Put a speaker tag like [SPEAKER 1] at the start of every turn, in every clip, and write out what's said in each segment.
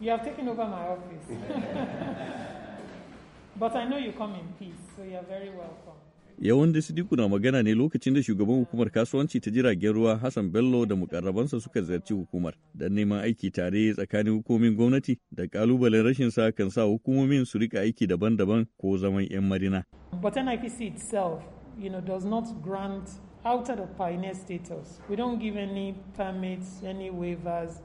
[SPEAKER 1] You have taken over my office. But I know you come in peace, so you are very welcome.
[SPEAKER 2] Yawan da Sidiku na magana ne lokacin da shugaban hukumar kasuwanci ta jiragen ruwa Hassan Bello da mukarrabansa suka ziyarci hukumar don neman aiki tare tsakanin hukumomin gwamnati da kalubalen rashin sa kan sa hukumomin su rika aiki daban-daban ko zaman 'yan marina.
[SPEAKER 1] But NIPC itself, you know, does not grant outer the pioneer status. We don't give any permits, any waivers,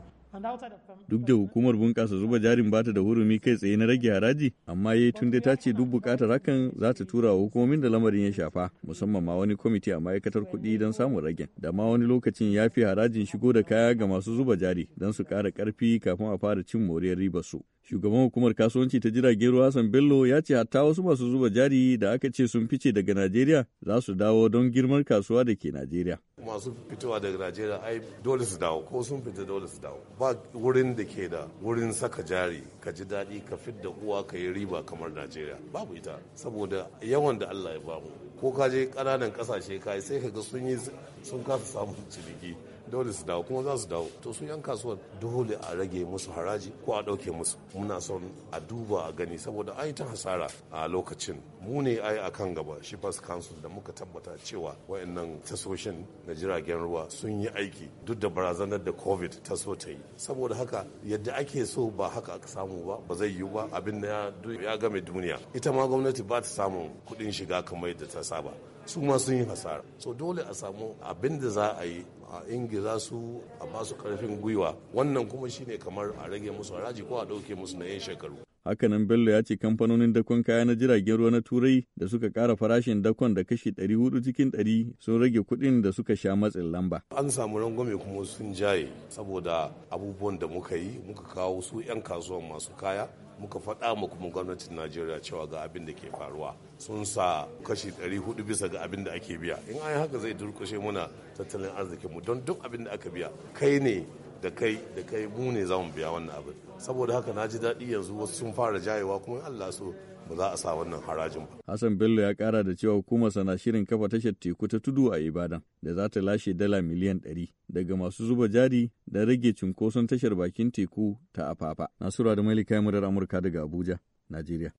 [SPEAKER 2] Duk da hukumar bunƙasa zuba jarin bata da hurumi kai tsaye na rage haraji, amma yayi eh, tun ta ce duk buƙatar hakan za ta tura wa hukumomin da lamarin ya shafa, musamman ma wani kwamiti a ma'aikatar kuɗi don samun ragen. Da ma wani lokacin ya fi harajin shigo da kaya ga masu zuba jari don su ƙara ƙarfi kafin a fara cin moriyar ribar su. Shugaban hukumar kasuwanci ta jiragen ruwa Hassan Bello ya ce hatta wasu masu zuba jari da aka ce sun fice daga Najeriya za su dawo don girmar kasuwa da ke Najeriya.
[SPEAKER 1] masu fitowa daga najeriya ai dole su dawo ko sun fita dole su dawo ba wurin da ke da wurin saka jari ka ji daɗi ka da uwa ka yi riba kamar najeriya babu ita saboda yawan da allah ya bamu ko ka je ƙananan ƙasashe ka sai ka ga sun yi sun kasa samun ciniki dole su dawo kuma za su dawo to su yan kasuwar dole a rage musu haraji ko a ɗauke musu muna son a duba a gani saboda ai ta hasara a lokacin mu ne ai a kan gaba shippers kansu da muka tabbata cewa wayannan tasoshin na jiragen ruwa sun yi aiki duk da barazanar da covid ta so ta yi saboda haka yadda ake so ba haka aka samu ba ba zai yiwu ba abin da ya game duniya ita ma gwamnati ba ta samun kuɗin shiga kamar yadda ta saba su ma sun yi hasara so dole a samu abin da za a yi a ingiza su a basu karfin gwiwa wannan kuma shine kamar a rage musu haraji ko a ɗauke musu na yin shekaru
[SPEAKER 2] Hakanan Bello ya ce kamfanonin dakon kaya na jiragen ruwa na Turai da suka kara farashin dakon da kashi 400 cikin 100 sun rage kuɗin da suka sha matsin lamba.
[SPEAKER 1] An samu rangwame kuma sun jaye saboda abubuwan da muka yi muka kawo su 'yan kasuwan masu kaya muka faɗa ma kuma gwamnatin Najeriya cewa ga abin da ke faruwa sun sa kashi 400 bisa ga abin da ake biya. In an haka zai durkushe muna tattalin arzikinmu don duk abin da aka biya kai ne da kai da kai mu ne za mu biya wannan abin saboda haka na ji daɗi yanzu wasu sun fara jayewa kuma Allah so ba za a sa wannan harajin ba.
[SPEAKER 2] Hassan Bello ya kara da cewa hukumarsa na shirin kafa tashar teku ta tudu a Ibadan da za ta lashe dala miliyan 100 daga masu zuba jari da rage cunkoson tashar bakin teku ta Afafa. Nasura da Malika Yamurar Amurka daga Abuja, Najeriya.